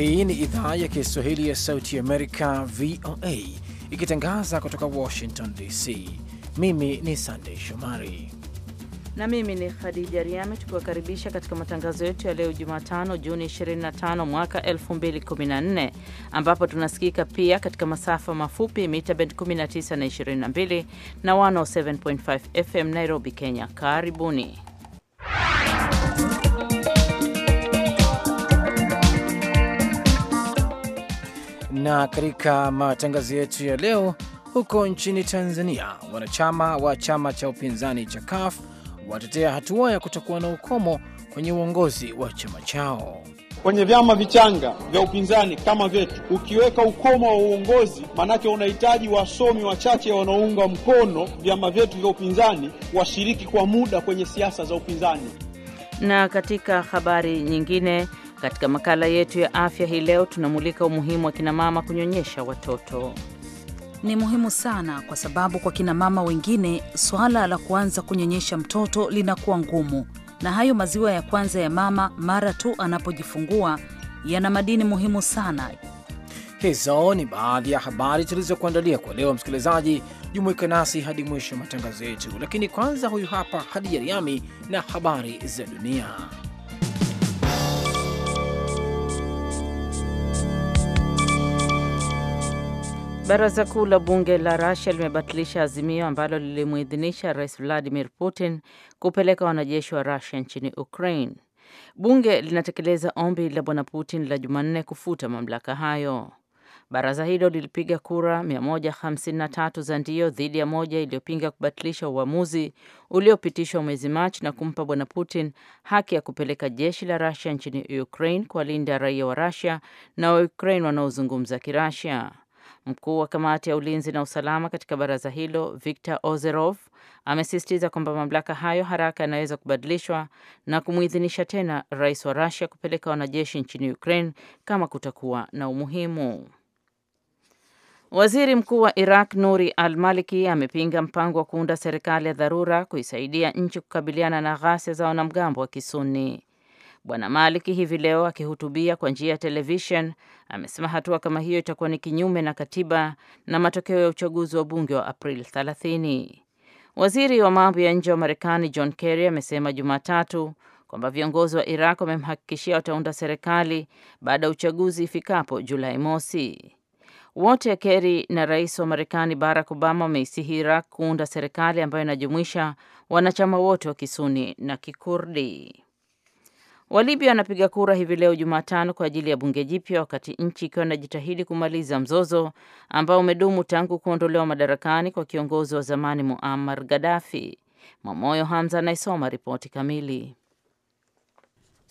Hii ni idhaa ya Kiswahili ya Sauti Amerika, VOA, ikitangaza kutoka Washington DC. Mimi ni Sandei Shomari na mimi ni Khadija Riami, tukiwakaribisha katika matangazo yetu ya leo Jumatano, Juni 25 mwaka 2014, ambapo tunasikika pia katika masafa mafupi mita bend 19 na 22 na 107.5 FM Nairobi, Kenya. Karibuni. Na katika matangazo yetu ya leo, huko nchini Tanzania, wanachama wa chama cha upinzani cha CUF watetea hatua ya kutokuwa na ukomo kwenye uongozi wa chama chao. Kwenye vyama vichanga vya upinzani kama vyetu, ukiweka ukomo wa uongozi, maanake unahitaji wasomi wachache wanaounga mkono vyama vyetu vya upinzani washiriki kwa muda kwenye siasa za upinzani. Na katika habari nyingine, katika makala yetu ya afya hii leo tunamulika umuhimu wa kinamama kunyonyesha watoto. Ni muhimu sana kwa sababu kwa kinamama wengine suala la kuanza kunyonyesha mtoto linakuwa ngumu, na hayo maziwa ya kwanza ya mama mara tu anapojifungua yana madini muhimu sana. Hizo ni baadhi ya habari tulizokuandalia kwa leo. Msikilizaji, jumuika nasi hadi mwisho matangazo yetu, lakini kwanza, huyu hapa Hadi Yariami na habari za dunia. Baraza kuu la bunge la rasia limebatilisha azimio ambalo lilimuidhinisha Rais Vladimir Putin kupeleka wanajeshi wa rasia nchini Ukraine. Bunge linatekeleza ombi la Bwana Putin la Jumanne kufuta mamlaka hayo. Baraza hilo lilipiga kura 153 za ndio dhidi ya moja iliyopinga kubatilisha uamuzi uliopitishwa mwezi Machi na kumpa Bwana Putin haki ya kupeleka jeshi la rasia nchini Ukraine kuwalinda raia wa rasia na Waukraine wanaozungumza Kirasia. Mkuu wa kamati ya ulinzi na usalama katika baraza hilo Victor Ozerov amesisitiza kwamba mamlaka hayo haraka yanaweza kubadilishwa na kumwidhinisha tena rais wa rasia kupeleka wanajeshi nchini Ukraine kama kutakuwa na umuhimu. Waziri Mkuu wa Iraq Nuri al-Maliki amepinga mpango wa kuunda serikali ya dharura kuisaidia nchi kukabiliana na ghasia za wanamgambo wa Kisuni. Bwana Maliki hivi leo akihutubia kwa njia ya televishen amesema hatua kama hiyo itakuwa ni kinyume na katiba na matokeo ya uchaguzi wa bunge wa Aprili 30. Waziri wa mambo ya nje wa Marekani John Kerry amesema Jumatatu kwamba viongozi wa Iraq wamemhakikishia wataunda serikali baada ya uchaguzi ifikapo Julai mosi. Wote Kerry na rais wa Marekani Barack Obama wameisihi Iraq kuunda serikali ambayo inajumuisha wanachama wote wa Kisuni na Kikurdi. Walibya wanapiga kura hivi leo Jumatano kwa ajili ya bunge jipya, wakati nchi ikiwa inajitahidi kumaliza mzozo ambao umedumu tangu kuondolewa madarakani kwa kiongozi wa zamani Muammar Gaddafi. Mwamoyo Hamza anaisoma ripoti kamili.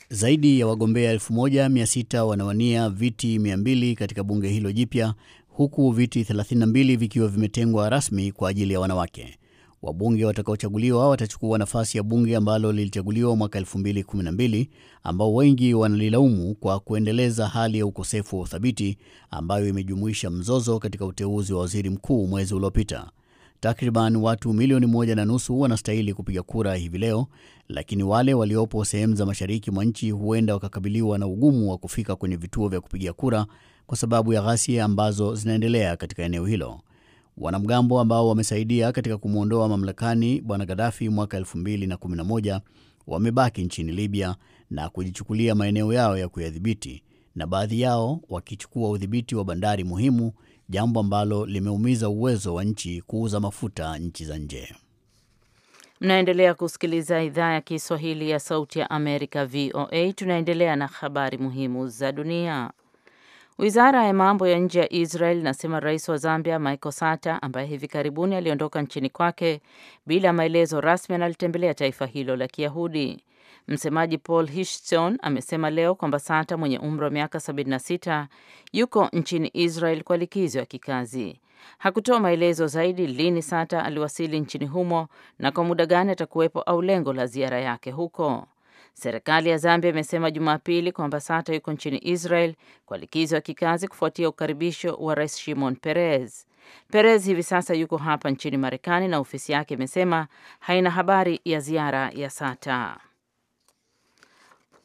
Zaidi ya wagombea 1600 wanawania viti 200 katika bunge hilo jipya, huku viti 32 vikiwa vimetengwa rasmi kwa ajili ya wanawake. Wabunge watakaochaguliwa watachukua nafasi ya bunge ambalo lilichaguliwa mwaka 2012 ambao wengi wanalilaumu kwa kuendeleza hali ya ukosefu wa uthabiti ambayo imejumuisha mzozo katika uteuzi wa waziri mkuu mwezi uliopita. Takriban watu milioni moja na nusu wanastahili kupiga kura hivi leo, lakini wale waliopo sehemu za mashariki mwa nchi huenda wakakabiliwa na ugumu wa kufika kwenye vituo vya kupiga kura kwa sababu ya ghasia ambazo zinaendelea katika eneo hilo. Wanamgambo ambao wamesaidia katika kumwondoa mamlakani bwana Gaddafi mwaka 2011 wamebaki nchini Libya na kujichukulia maeneo yao ya kuyadhibiti, na baadhi yao wakichukua udhibiti wa bandari muhimu, jambo ambalo limeumiza uwezo wa nchi kuuza mafuta nchi za nje. Mnaendelea kusikiliza idhaa ya Kiswahili ya Sauti ya Amerika, VOA. Tunaendelea na habari muhimu za dunia. Wizara ya mambo ya nje ya Israel inasema rais wa Zambia Michael Sata, ambaye hivi karibuni aliondoka nchini kwake bila maelezo rasmi, analitembelea taifa hilo la Kiyahudi. Msemaji Paul Hishton amesema leo kwamba Sata mwenye umri wa miaka 76 yuko nchini Israel kwa likizo ya kikazi. Hakutoa maelezo zaidi lini Sata aliwasili nchini humo na kwa muda gani atakuwepo au lengo la ziara yake huko. Serikali ya Zambia imesema Jumapili kwamba Sata yuko nchini Israel kwa likizo ya kikazi kufuatia ukaribisho wa Rais Shimon Peres. peres hivi sasa yuko hapa nchini Marekani na ofisi yake imesema haina habari ya ziara ya Sata.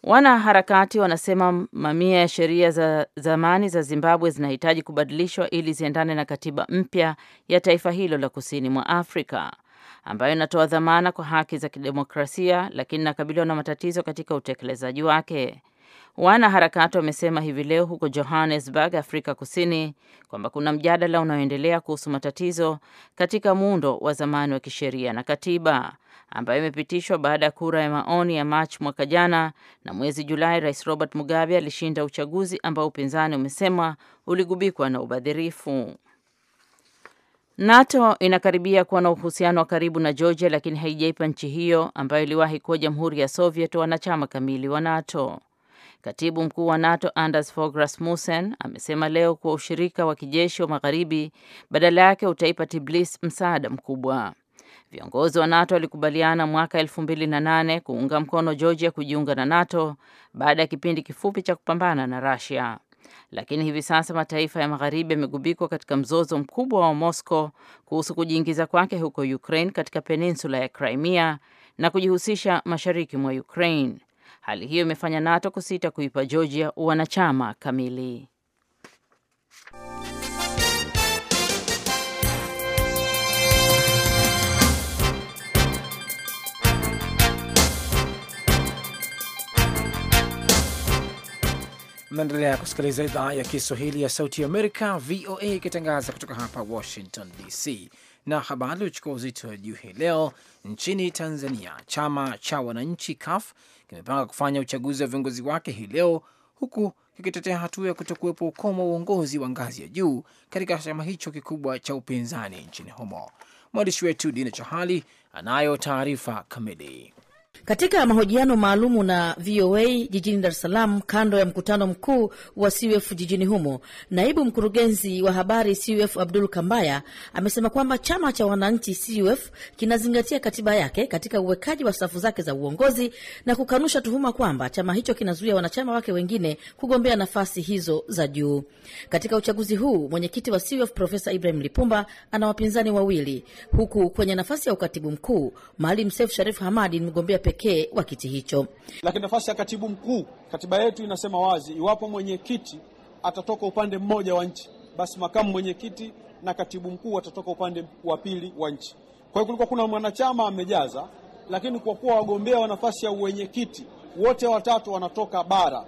Wanaharakati wanasema mamia ya sheria za zamani za Zimbabwe zinahitaji kubadilishwa ili ziendane na katiba mpya ya taifa hilo la kusini mwa Afrika ambayo inatoa dhamana kwa haki za kidemokrasia, lakini inakabiliwa na matatizo katika utekelezaji wake. Wanaharakati wamesema hivi leo huko Johannesburg, Afrika Kusini, kwamba kuna mjadala unaoendelea kuhusu matatizo katika muundo wa zamani wa kisheria na katiba ambayo imepitishwa baada ya kura ya maoni ya Machi mwaka jana. Na mwezi Julai, Rais Robert Mugabe alishinda uchaguzi ambao upinzani umesema uligubikwa na ubadhirifu. NATO inakaribia kuwa na uhusiano wa karibu na Georgia lakini haijaipa nchi hiyo ambayo iliwahi kuwa Jamhuri ya Soviet wanachama kamili wa NATO. Katibu mkuu wa NATO Anders Fogh Rasmussen amesema leo kuwa ushirika wa kijeshi wa magharibi badala yake utaipa Tbilisi msaada mkubwa. Viongozi wa NATO walikubaliana mwaka 2008 kuunga mkono Georgia kujiunga na NATO baada ya kipindi kifupi cha kupambana na Russia lakini hivi sasa mataifa ya magharibi yamegubikwa katika mzozo mkubwa wa Moscow kuhusu kujiingiza kwake huko Ukraine katika peninsula ya Crimea na kujihusisha mashariki mwa Ukraine. Hali hiyo imefanya NATO kusita kuipa Georgia wanachama kamili. Unaendelea kusikiliza idhaa ya Kiswahili ya Sauti ya Amerika, VOA, ikitangaza kutoka hapa Washington DC. Na habari uchukua uzito wa juu hii leo. Nchini Tanzania, chama cha wananchi CUF kimepanga kufanya uchaguzi wa viongozi wake hii leo, huku kikitetea hatua ya kutokuwepo ukomo wa uongozi wa ngazi ya juu katika chama hicho kikubwa cha upinzani nchini humo. Mwandishi wetu Dina Chahali anayo taarifa kamili. Katika mahojiano maalumu na VOA jijini Dar es Salaam, kando ya mkutano mkuu wa CUF jijini humo, naibu mkurugenzi wa habari CUF Abdul Kambaya amesema kwamba chama cha wananchi CUF kinazingatia katiba yake katika uwekaji wa safu zake za uongozi na kukanusha tuhuma kwamba chama hicho kinazuia wanachama wake wengine kugombea nafasi hizo za juu. Katika uchaguzi huu mwenyekiti wa CUF Profesa Ibrahim Lipumba ana wapinzani wawili, huku kwenye nafasi ya ukatibu mkuu Maalim Seif Sharif Hamad ni mgombea pekee wa kiti hicho. Lakini nafasi ya katibu mkuu, katiba yetu inasema wazi, iwapo mwenyekiti atatoka upande mmoja wa nchi, basi makamu mwenyekiti na katibu mkuu atatoka upande wa pili wa nchi. Kwa hiyo kulikuwa kuna mwanachama amejaza, lakini kwa kuwa wagombea wa nafasi ya uwenyekiti wote watatu wanatoka bara,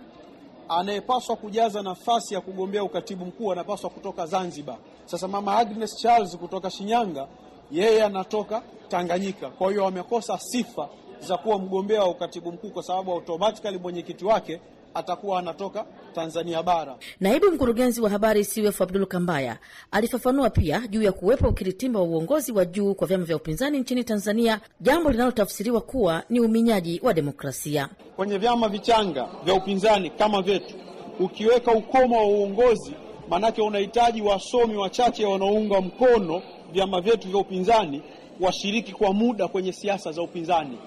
anayepaswa kujaza nafasi ya kugombea ukatibu mkuu anapaswa kutoka Zanzibar. Sasa mama Agnes Charles kutoka Shinyanga, yeye anatoka Tanganyika, kwa hiyo wamekosa sifa za kuwa mgombea wa ukatibu mkuu, kwa sababu automatically mwenyekiti wake atakuwa anatoka Tanzania bara. Naibu mkurugenzi wa habari CUF Abdul Kambaya alifafanua pia juu ya kuwepo ukiritimba wa uongozi wa juu kwa vyama vya upinzani nchini Tanzania, jambo linalotafsiriwa kuwa ni uminyaji wa demokrasia. Kwenye vyama vichanga vya upinzani kama vyetu, ukiweka ukomo wa uongozi, maanake unahitaji wasomi wachache wanaounga mkono vyama vyetu vya upinzani washiriki kwa muda kwenye siasa za upinzani.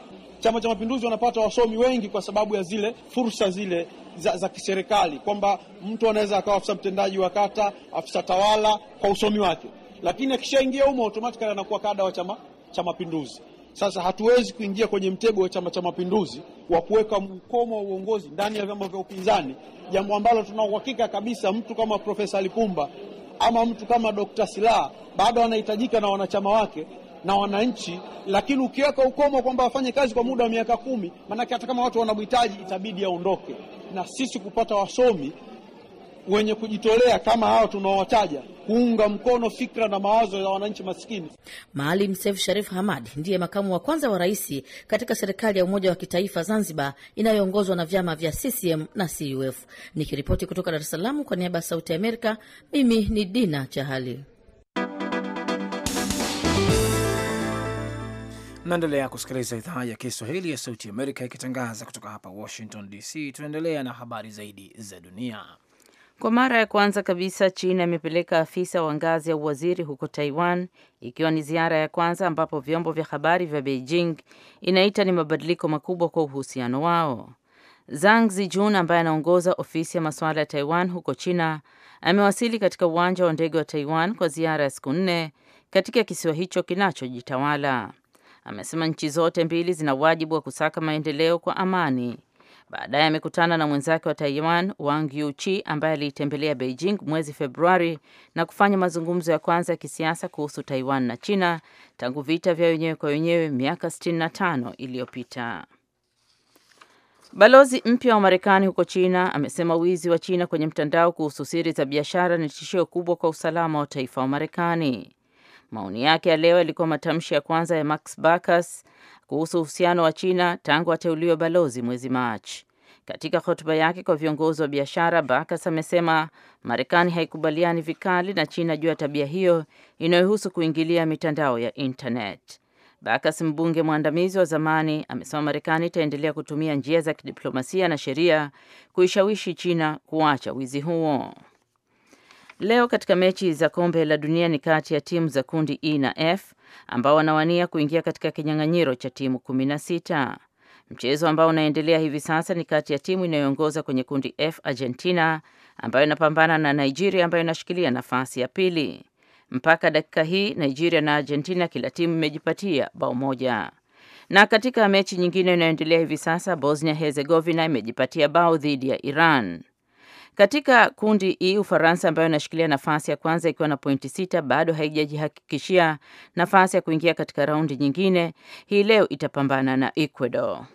Chama cha Mapinduzi wanapata wasomi wengi kwa sababu ya zile fursa zile za, za kiserikali, kwamba mtu anaweza akawa afisa mtendaji wa kata, afisa tawala kwa usomi wake, lakini akishaingia humo automatically anakuwa kada wa Chama cha Mapinduzi. Sasa hatuwezi kuingia kwenye mtego wa Chama cha Mapinduzi wa kuweka mkomo wa uongozi ndani ya vyama vya upinzani, jambo ambalo tuna uhakika kabisa mtu kama Profesa Lipumba ama mtu kama Dr. Silaa bado anahitajika na wanachama wake na wananchi, lakini ukiweka ukomo kwamba wafanye kazi kwa muda wa miaka kumi, maanake hata kama watu wanamhitaji itabidi aondoke. Na sisi kupata wasomi wenye kujitolea kama hao tunaowataja kuunga mkono fikra na mawazo ya wananchi maskini. Maalim Seif Sharif Hamad ndiye makamu wa kwanza wa rais katika serikali ya umoja wa kitaifa Zanzibar inayoongozwa na vyama vya CCM na CUF. Nikiripoti kutoka Dar es Salaam kwa niaba ya Sauti ya Amerika, mimi ni Dina Chahali. Naendelea kusikiliza idhaa ya Kiswahili ya Sauti Amerika ikitangaza kutoka hapa Washington DC. Tunaendelea na habari zaidi za dunia. Kwa mara ya kwanza kabisa China imepeleka afisa wa ngazi ya uwaziri huko Taiwan, ikiwa ni ziara ya kwanza ambapo vyombo vya habari vya Beijing inaita ni mabadiliko makubwa kwa uhusiano wao. Zhang Zijun ambaye anaongoza ofisi ya masuala ya Taiwan huko China amewasili katika uwanja wa ndege wa Taiwan kwa ziara ya siku nne katika kisiwa hicho kinachojitawala amesema nchi zote mbili zina wajibu wa kusaka maendeleo kwa amani. Baadaye amekutana na mwenzake wa Taiwan Wang Yuchi ambaye aliitembelea Beijing mwezi Februari na kufanya mazungumzo ya kwanza ya kisiasa kuhusu Taiwan na China tangu vita vya wenyewe kwa wenyewe miaka 65 iliyopita. Balozi mpya wa Marekani huko China amesema wizi wa China kwenye mtandao kuhusu siri za biashara ni tishio kubwa kwa usalama wa taifa wa Marekani. Maoni yake ya leo yalikuwa matamshi ya kwanza ya Max Baucus kuhusu uhusiano wa China tangu ateuliwe balozi mwezi Machi. Katika hotuba yake kwa viongozi wa biashara, Baucus amesema Marekani haikubaliani vikali na China juu ya tabia hiyo inayohusu kuingilia mitandao ya intanet. Baucus, mbunge mwandamizi wa zamani, amesema Marekani itaendelea kutumia njia za kidiplomasia na sheria kuishawishi China kuacha wizi huo. Leo katika mechi za kombe la dunia ni kati ya timu za kundi E na F ambao wanawania kuingia katika kinyang'anyiro cha timu 16. Mchezo ambao unaendelea hivi sasa ni kati ya timu inayoongoza kwenye kundi F, Argentina, ambayo inapambana na Nigeria ambayo inashikilia nafasi ya pili. Mpaka dakika hii Nigeria na Argentina kila timu imejipatia bao moja. Na katika mechi nyingine inayoendelea hivi sasa, Bosnia Herzegovina imejipatia bao dhidi ya Iran. Katika kundi E, Ufaransa ambayo inashikilia nafasi ya kwanza ikiwa na pointi sita bado haijajihakikishia nafasi ya kuingia katika raundi nyingine. Hii leo itapambana na Ecuador.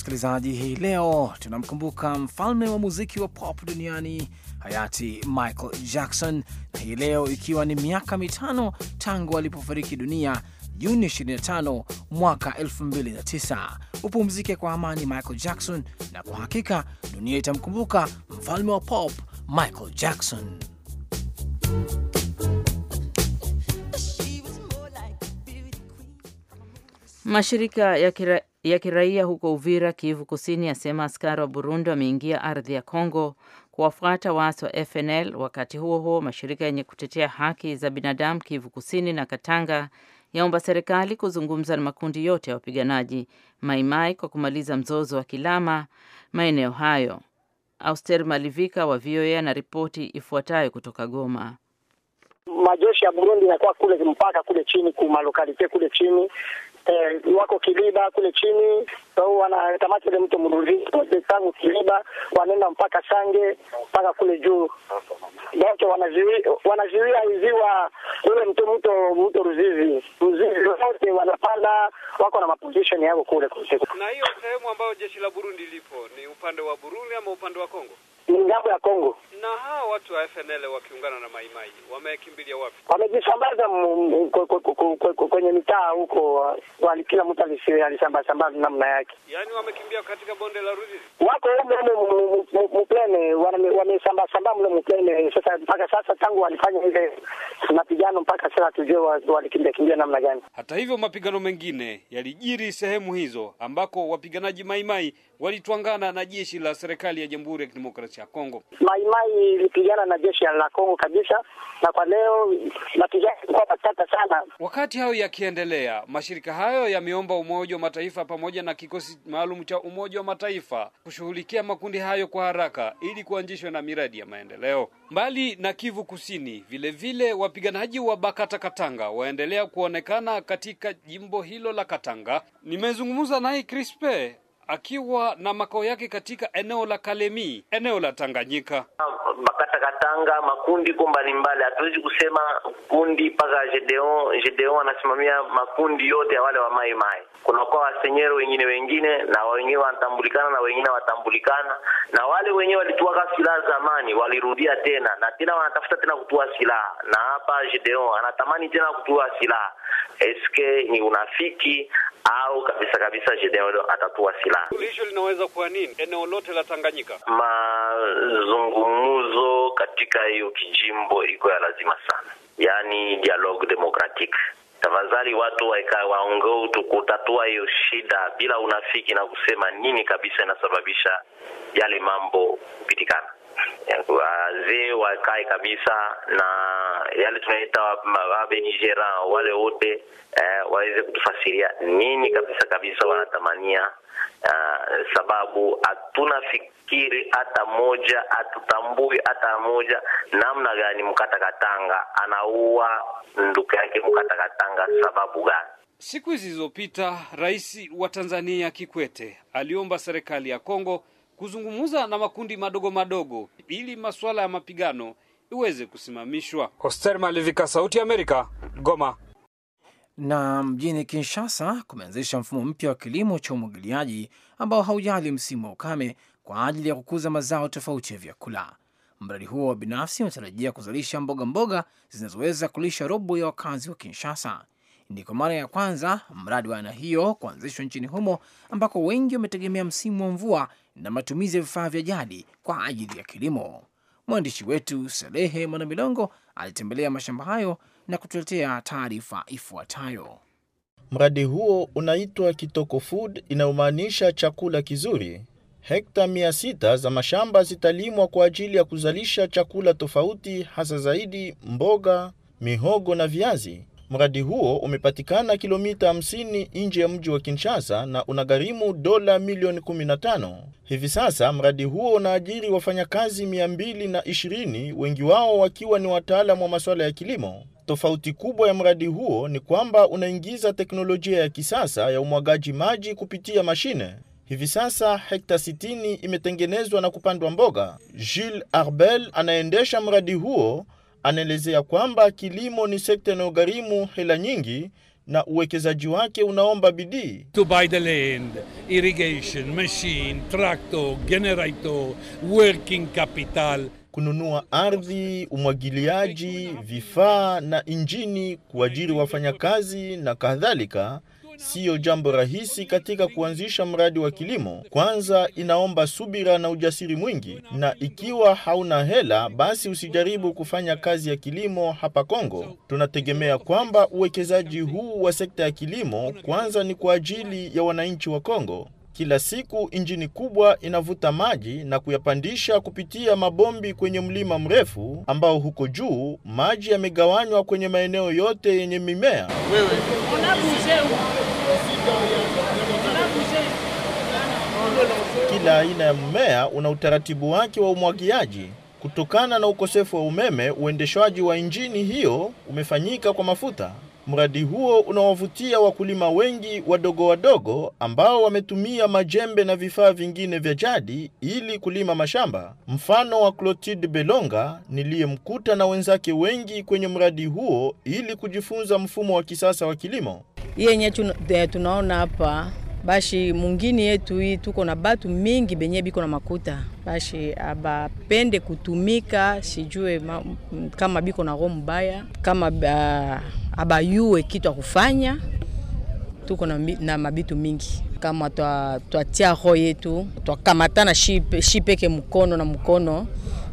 msikilizaji, hii leo tunamkumbuka mfalme wa muziki wa pop duniani hayati Michael Jackson, na hii leo ikiwa ni miaka mitano tangu alipofariki dunia Juni 25 mwaka 2009. Upumzike kwa amani Michael Jackson, na kwa hakika dunia itamkumbuka mfalme wa pop Michael Jackson. Mashirika ya kira ya kiraia huko Uvira, Kivu Kusini, asema askari wa Burundi wameingia ardhi ya Kongo kuwafuata waasi wa FNL. Wakati huo huo, mashirika yenye kutetea haki za binadamu Kivu Kusini na Katanga yaomba serikali kuzungumza na makundi yote ya wapiganaji Maimai kwa kumaliza mzozo wa kilama maeneo hayo. Auster Malivika wa VOA ripoti ifuatayo kutoka Goma. Majeshi ya Burundi yanakuwa kule mpaka kule chini kumalokalitie kule chini eh, wako Kiliba kule chini so, wanatamata ile mto Mruzi tangu Kiliba wanaenda mpaka Sange mpaka kule juu Doto, wanaziwia wanaziwi ziwa ule mto mto mto Ruzizi Ruzizi wote wanapanda, wako na maposition yao kule. Na hiyo sehemu ambayo jeshi la Burundi lipo ni upande wa Burundi ama upande wa Kongo? ni ngambo ya Kongo. Na hao watu wa FNL wakiungana na maimai wamekimbilia wapi? Wamejisambaza kwenye mitaa huko, kila mtu alisambasambaza namna yake, yaani wamekimbia katika bonde la Ruzizi, wako huko mplene, wamesambasamba mle mplene. Sasa mpaka sasa tangu walifanya ile mapigano mpaka sasa tujue walikimbia kimbia namna gani. Hata hivyo mapigano mengine yalijiri sehemu hizo ambako wapiganaji maimai walitwangana na jeshi la serikali ya Jamhuri ya Kidemokrasia ya Kongo. Maimai ilipigana na jeshi la Kongo kabisa, na kwa leo mapigano yalikuwa matata sana. Wakati hayo yakiendelea, mashirika hayo yameomba Umoja wa Mataifa pamoja na kikosi maalum cha Umoja wa Mataifa kushughulikia makundi hayo kwa haraka ili kuanzishwa na miradi ya maendeleo. Mbali na Kivu Kusini, vile vile wapiganaji wa Bakata Katanga waendelea kuonekana katika jimbo hilo la Katanga. Nimezungumza naye Crispe akiwa na makao yake katika eneo la Kalemi, eneo la Tanganyika. Makatakatanga, makundi ko mbalimbali, hatuwezi kusema kundi mpaka Gedeon. Gedeon anasimamia makundi yote ya wale wa mai mai, kunakuwa wasenyero wengine wengine, na wengine wanatambulikana na wengine watambulikana, na wale wenyewe walituaka silaha zamani, walirudia tena na tena, wanatafuta tena kutua silaha, na hapa Gedeon anatamani tena kutua silaha eske ni unafiki au kabisa kabisa Gedeon atatua silaha. Suluhisho linaweza kuwa nini eneo lote la Tanganyika? Mazungumzo katika hiyo kijimbo iko ya lazima sana, yaani dialogue democratique. Tafadhali watu waeka waongee tu kutatua hiyo shida bila unafiki na kusema nini kabisa inasababisha yale mambo kupitikana wazee wakae kabisa na yale tunaita nigera wale wote eh, waweze kutufasiria nini kabisa kabisa wanatamania uh, sababu hatuna fikiri hata moja, hatutambui hata moja namna gani Mkata Katanga anaua nduku yake Mkata Katanga sababu gani? Siku zilizopita rais wa Tanzania Kikwete aliomba serikali ya Kongo kuzungumza na makundi madogo madogo ili masuala ya mapigano iweze kusimamishwa. Hoster Malivika, Sauti ya Amerika, Goma. Na mjini Kinshasa kumeanzisha mfumo mpya wa kilimo cha umwagiliaji ambao haujali msimu wa ukame kwa ajili ya kukuza mazao tofauti ya vyakula. Mradi huo wa binafsi unatarajia kuzalisha mboga mboga zinazoweza kulisha robo ya wakazi wa Kinshasa. Ni kwa mara ya kwanza mradi wa aina hiyo kuanzishwa nchini humo ambako wengi wametegemea msimu wa mvua na matumizi ya vifaa vya jadi kwa ajili ya kilimo. Mwandishi wetu Salehe Mwanamilongo alitembelea mashamba hayo na kutuletea taarifa ifuatayo. Mradi huo unaitwa Kitoko Food, inayomaanisha chakula kizuri. Hekta mia sita za mashamba zitalimwa kwa ajili ya kuzalisha chakula tofauti, hasa zaidi mboga, mihogo na viazi. Mradi huo umepatikana kilomita 50 nje ya mji wa Kinshasa na unagharimu dola milioni 15. Hivi sasa mradi huo unaajiri wafanyakazi 220, wengi wao wakiwa ni wataalamu wa masuala ya kilimo. Tofauti kubwa ya mradi huo ni kwamba unaingiza teknolojia ya kisasa ya umwagaji maji kupitia mashine. Hivi sasa hekta 60 imetengenezwa na kupandwa mboga. Jules Arbel anaendesha mradi huo anaelezea kwamba kilimo ni sekta inayogharimu hela nyingi na uwekezaji wake unaomba bidii. To buy the land, irrigation, machine, tractor, generator, working capital. Kununua ardhi, umwagiliaji, vifaa na injini, kuajiri wafanyakazi na kadhalika siyo jambo rahisi katika kuanzisha mradi wa kilimo. Kwanza inaomba subira na ujasiri mwingi, na ikiwa hauna hela, basi usijaribu kufanya kazi ya kilimo hapa Kongo. Tunategemea kwamba uwekezaji huu wa sekta ya kilimo kwanza ni kwa ajili ya wananchi wa Kongo. Kila siku injini kubwa inavuta maji na kuyapandisha kupitia mabombi kwenye mlima mrefu ambao huko juu maji yamegawanywa kwenye maeneo yote yenye mimea. Wewe. kila aina ya mmea una utaratibu wake wa umwagiaji. Kutokana na ukosefu wa umeme, uendeshwaji wa injini hiyo umefanyika kwa mafuta. Mradi huo unawavutia wakulima wengi wadogo wadogo ambao wametumia majembe na vifaa vingine vya jadi ili kulima mashamba. Mfano wa Clotilde Belonga niliyemkuta na wenzake wengi kwenye mradi huo ili kujifunza mfumo wa kisasa wa kilimo. Yenye eh, tunaona hapa bashi mungini yetu hii tuko na batu mingi benye biko na makuta bashi abapende kutumika, sijue ma, kama biko na roho mbaya, kama ah, abayue kitu akufanya. Tuko na, na mabitu mingi kama twatia twa roho yetu twakamatana shi, shi peke mkono na mkono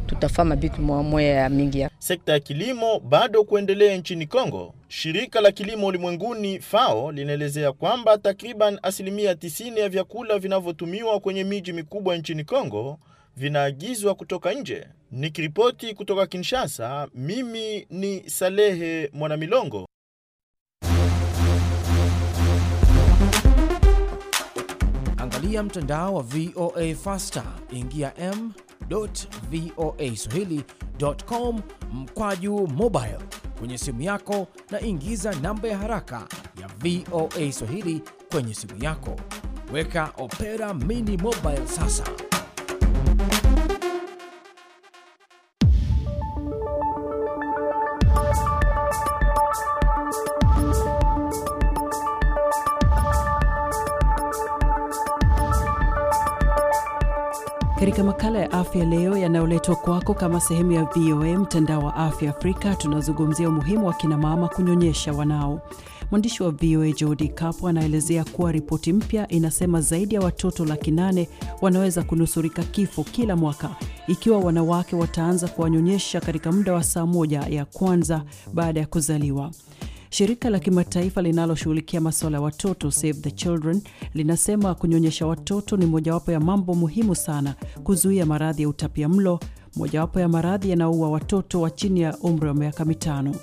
tutafama bitu mwamoya ya mingi. Sekta ya kilimo bado kuendelea nchini Kongo. Shirika la kilimo ulimwenguni FAO linaelezea kwamba takriban asilimia 90 ya vyakula vinavyotumiwa kwenye miji mikubwa nchini Kongo vinaagizwa kutoka nje. Nikiripoti kutoka Kinshasa, mimi ni Salehe Mwanamilongo. Angalia mtandao wa VOA Faster, ingia m voa swahili.com mkwaju mobile kwenye simu yako na ingiza namba ya haraka ya VOA Swahili kwenye simu yako. Weka Opera Mini Mobile sasa. katika makala ya afya leo yanayoletwa kwako kama sehemu ya VOA mtandao wa afya Afrika, tunazungumzia umuhimu wa kinamama kunyonyesha wanao. Mwandishi wa VOA Jodi Kapo anaelezea kuwa ripoti mpya inasema zaidi ya watoto laki nane wanaweza kunusurika kifo kila mwaka ikiwa wanawake wataanza kuwanyonyesha katika muda wa saa moja ya kwanza baada ya kuzaliwa. Shirika la kimataifa linaloshughulikia masuala ya watoto Save the Children linasema kunyonyesha watoto ni mojawapo ya mambo muhimu sana kuzuia maradhi ya utapia mlo, mojawapo ya maradhi yanaoua watoto wa chini ya umri wa miaka mitano.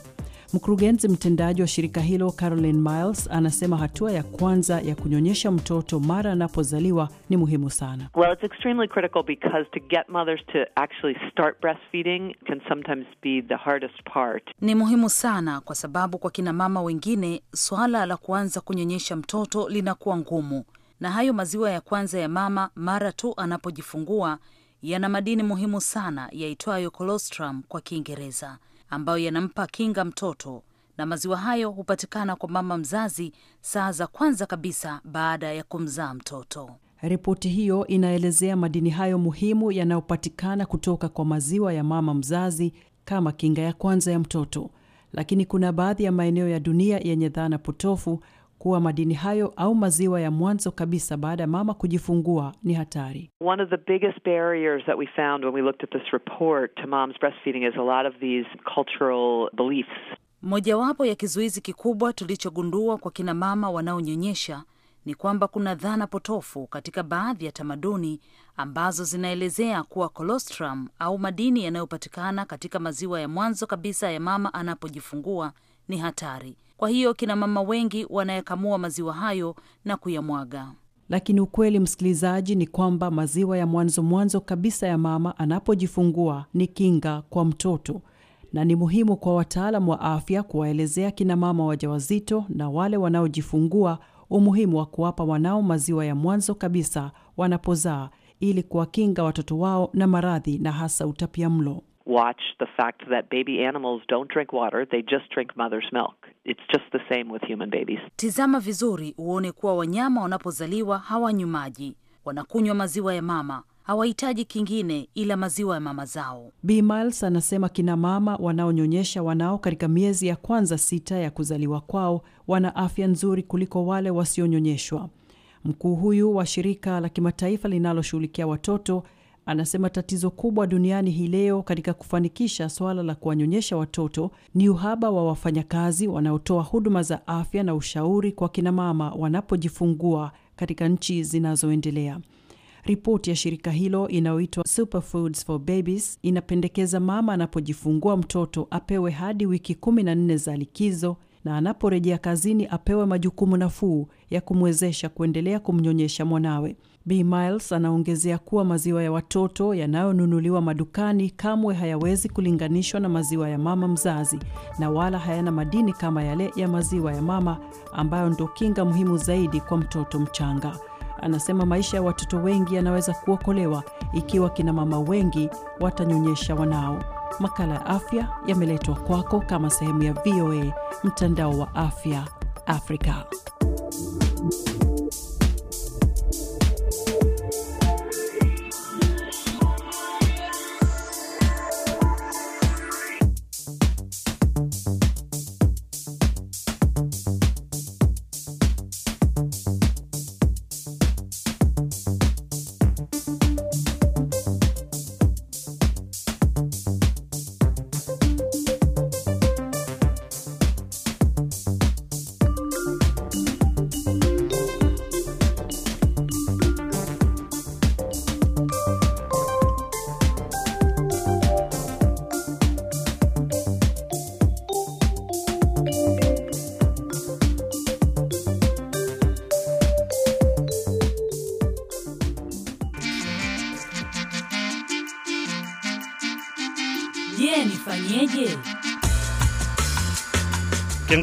Mkurugenzi mtendaji wa shirika hilo Caroline Miles anasema hatua ya kwanza ya kunyonyesha mtoto mara anapozaliwa ni muhimu sana. Well, it's extremely critical because to get mothers to actually start breastfeeding can sometimes be the hardest part. Ni muhimu sana kwa sababu kwa kina mama wengine suala la kuanza kunyonyesha mtoto linakuwa ngumu, na hayo maziwa ya kwanza ya mama mara tu anapojifungua yana madini muhimu sana yaitwayo colostrum kwa Kiingereza ambayo yanampa kinga mtoto, na maziwa hayo hupatikana kwa mama mzazi saa za kwanza kabisa baada ya kumzaa mtoto. Ripoti hiyo inaelezea madini hayo muhimu yanayopatikana kutoka kwa maziwa ya mama mzazi kama kinga ya kwanza ya mtoto, lakini kuna baadhi ya maeneo ya dunia yenye dhana potofu kuwa madini hayo au maziwa ya mwanzo kabisa baada ya mama kujifungua ni hatari. One of the biggest barriers that we found when we looked at this report to mom's breastfeeding is a lot of these cultural beliefs. Mojawapo ya kizuizi kikubwa tulichogundua kwa kina mama wanaonyonyesha ni kwamba kuna dhana potofu katika baadhi ya tamaduni ambazo zinaelezea kuwa colostrum au madini yanayopatikana katika maziwa ya mwanzo kabisa ya mama anapojifungua ni hatari. Kwa hiyo kina mama wengi wanayakamua maziwa hayo na kuyamwaga. Lakini ukweli msikilizaji, ni kwamba maziwa ya mwanzo mwanzo kabisa ya mama anapojifungua ni kinga kwa mtoto, na ni muhimu kwa wataalam wa afya kuwaelezea kina mama wajawazito na wale wanaojifungua umuhimu wa kuwapa wanao maziwa ya mwanzo kabisa wanapozaa ili kuwakinga watoto wao na maradhi na hasa utapia mlo watch the fact that baby animals don't drink water, they just drink mother's milk. It's just the same with human babies. Tizama vizuri uone kuwa wanyama wanapozaliwa hawanywi maji, wanakunywa maziwa ya mama hawahitaji kingine ila maziwa ya mama zao. B Miles anasema kina mama wanaonyonyesha wanao katika miezi ya kwanza sita ya kuzaliwa kwao wana afya nzuri kuliko wale wasionyonyeshwa. Mkuu huyu wa shirika la kimataifa linaloshughulikia watoto anasema tatizo kubwa duniani hii leo katika kufanikisha suala la kuwanyonyesha watoto ni uhaba wa wafanyakazi wanaotoa huduma za afya na ushauri kwa kinamama wanapojifungua katika nchi zinazoendelea. Ripoti ya shirika hilo inayoitwa Superfoods for Babies inapendekeza mama anapojifungua mtoto apewe hadi wiki kumi na nne za likizo na anaporejea kazini apewe majukumu nafuu ya kumwezesha kuendelea kumnyonyesha mwanawe. B Miles anaongezea kuwa maziwa ya watoto yanayonunuliwa madukani kamwe hayawezi kulinganishwa na maziwa ya mama mzazi na wala hayana madini kama yale ya maziwa ya mama ambayo ndo kinga muhimu zaidi kwa mtoto mchanga. Anasema maisha ya watoto wengi yanaweza kuokolewa ikiwa kina mama wengi watanyonyesha wanao. Makala ya afya yameletwa kwako kama sehemu ya VOA mtandao wa afya Afrika.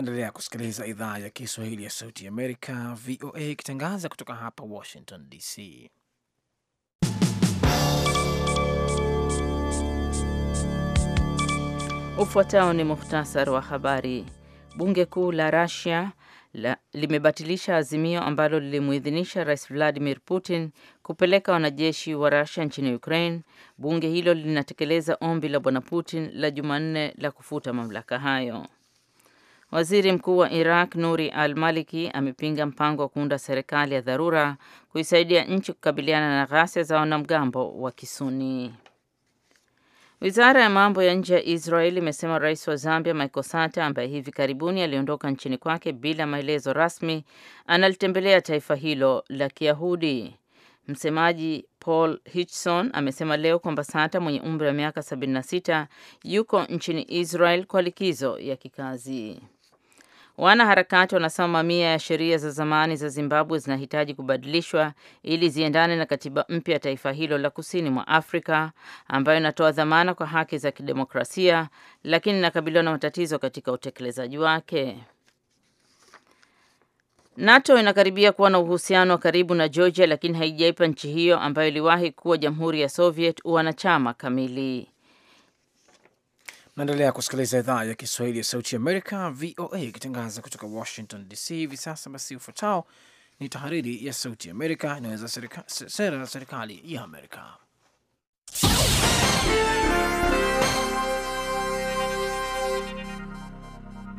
Naendelea kusikiliza idhaa ya Kiswahili ya Sauti Amerika, VOA, ikitangaza kutoka hapa Washington DC. Ufuatao ni muhtasari wa habari. Bunge kuu la rusia la, limebatilisha azimio ambalo lilimuidhinisha Rais Vladimir Putin kupeleka wanajeshi wa Russia nchini Ukraine. Bunge hilo linatekeleza ombi la Bwana Putin la Jumanne la kufuta mamlaka hayo. Waziri Mkuu wa Iraq Nuri al-Maliki amepinga mpango wa kuunda serikali ya dharura kuisaidia nchi kukabiliana na ghasia za wanamgambo wa Kisuni. Wizara ya mambo ya nje ya Israel imesema rais wa Zambia Michael Sata ambaye hivi karibuni aliondoka nchini kwake bila maelezo rasmi analitembelea taifa hilo la Kiyahudi. Msemaji Paul Hitchson amesema leo kwamba Sata mwenye umri wa miaka 76 yuko nchini Israel kwa likizo ya kikazi. Wanaharakati wanasema mamia ya sheria za zamani za Zimbabwe zinahitaji kubadilishwa ili ziendane na katiba mpya ya taifa hilo la kusini mwa Afrika ambayo inatoa dhamana kwa haki za kidemokrasia, lakini inakabiliwa na matatizo katika utekelezaji wake. NATO inakaribia kuwa na uhusiano wa karibu na Georgia, lakini haijaipa nchi hiyo ambayo iliwahi kuwa jamhuri ya Soviet uanachama kamili. Naendelea kusikiliza idhaa ya Kiswahili ya Sauti Amerika, VOA, ikitangaza kutoka Washington DC hivi sasa. Basi ufuatao ni tahariri ya Sauti Amerika inaweza sera za serikali ya Amerika.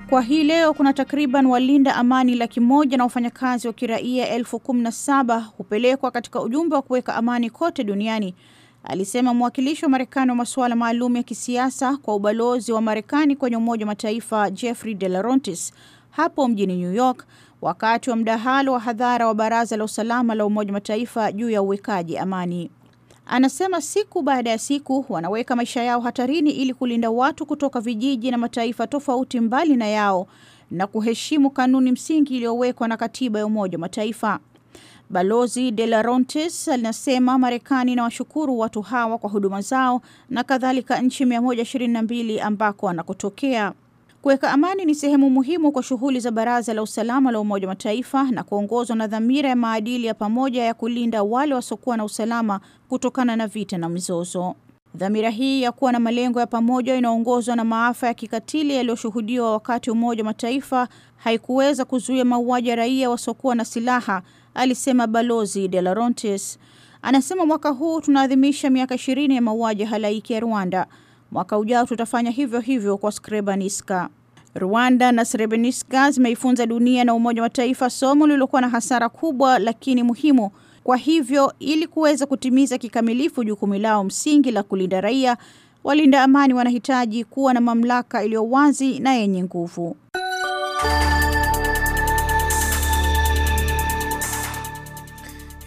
Kwa hii leo kuna takriban walinda amani laki moja na wafanyakazi wa kiraia elfu kumi na saba hupelekwa katika ujumbe wa kuweka amani kote duniani alisema mwakilishi wa Marekani wa masuala maalum ya kisiasa kwa ubalozi wa Marekani kwenye Umoja wa Mataifa Jeffrey De Larontis hapo mjini New York wakati wa mdahalo wa hadhara wa Baraza la Usalama la Umoja wa Mataifa juu ya uwekaji amani. Anasema siku baada ya siku wanaweka maisha yao hatarini ili kulinda watu kutoka vijiji na mataifa tofauti mbali na yao na kuheshimu kanuni msingi iliyowekwa na katiba ya Umoja wa Mataifa. Balozi De La rontes anasema Marekani inawashukuru watu hawa kwa huduma zao na kadhalika nchi 122 ambako anakotokea. Kuweka amani ni sehemu muhimu kwa shughuli za Baraza la Usalama la Umoja wa Mataifa na kuongozwa na dhamira ya maadili ya pamoja ya kulinda wale wasiokuwa na usalama kutokana na vita na mizozo. Dhamira hii ya kuwa na malengo ya pamoja inaongozwa na maafa ya kikatili yaliyoshuhudiwa wakati Umoja wa Mataifa haikuweza kuzuia mauaji ya raia wasiokuwa na silaha alisema Balozi De rontes Anasema mwaka huu tunaadhimisha miaka ishirini ya mauaji halaiki ya Rwanda. Mwaka ujao tutafanya hivyo hivyo kwa Srebrenica. Rwanda na Srebrenica zimeifunza dunia na Umoja wa Mataifa somo lililokuwa na hasara kubwa lakini muhimu. Kwa hivyo, ili kuweza kutimiza kikamilifu jukumu lao msingi la kulinda raia, walinda amani wanahitaji kuwa na mamlaka iliyo wazi na yenye nguvu.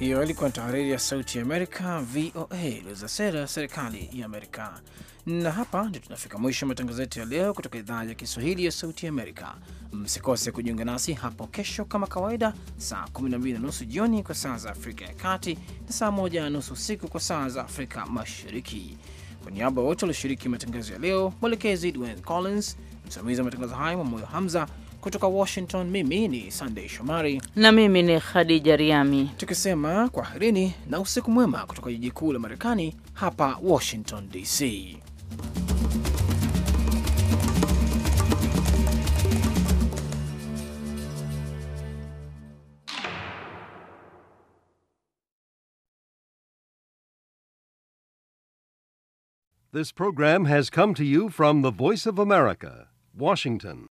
Hiyo ilikuwa ni tahariri ya Sauti ya Amerika, VOA, iliweza sera ya serikali ya Amerika. Na hapa ndio tunafika mwisho matangazo yetu ya leo kutoka idhaa ya Kiswahili ya Sauti ya Amerika. Msikose kujiunga nasi hapo kesho kama kawaida, saa 12 na nusu jioni kwa saa za Afrika ya Kati na saa 1 na nusu usiku kwa saa za Afrika Mashariki. Kwa niaba ya wote walioshiriki matangazo ya leo, mwelekezi Dwayne Collins, msimamizi wa matangazo haya Mwamoyo Hamza. Kutoka Washington, mimi ni Sandey Shomari na mimi ni Khadija Riami, tukisema kwaherini na usiku mwema kutoka jiji kuu la Marekani, hapa Washington DC. This program has come to you from the Voice of America, Washington.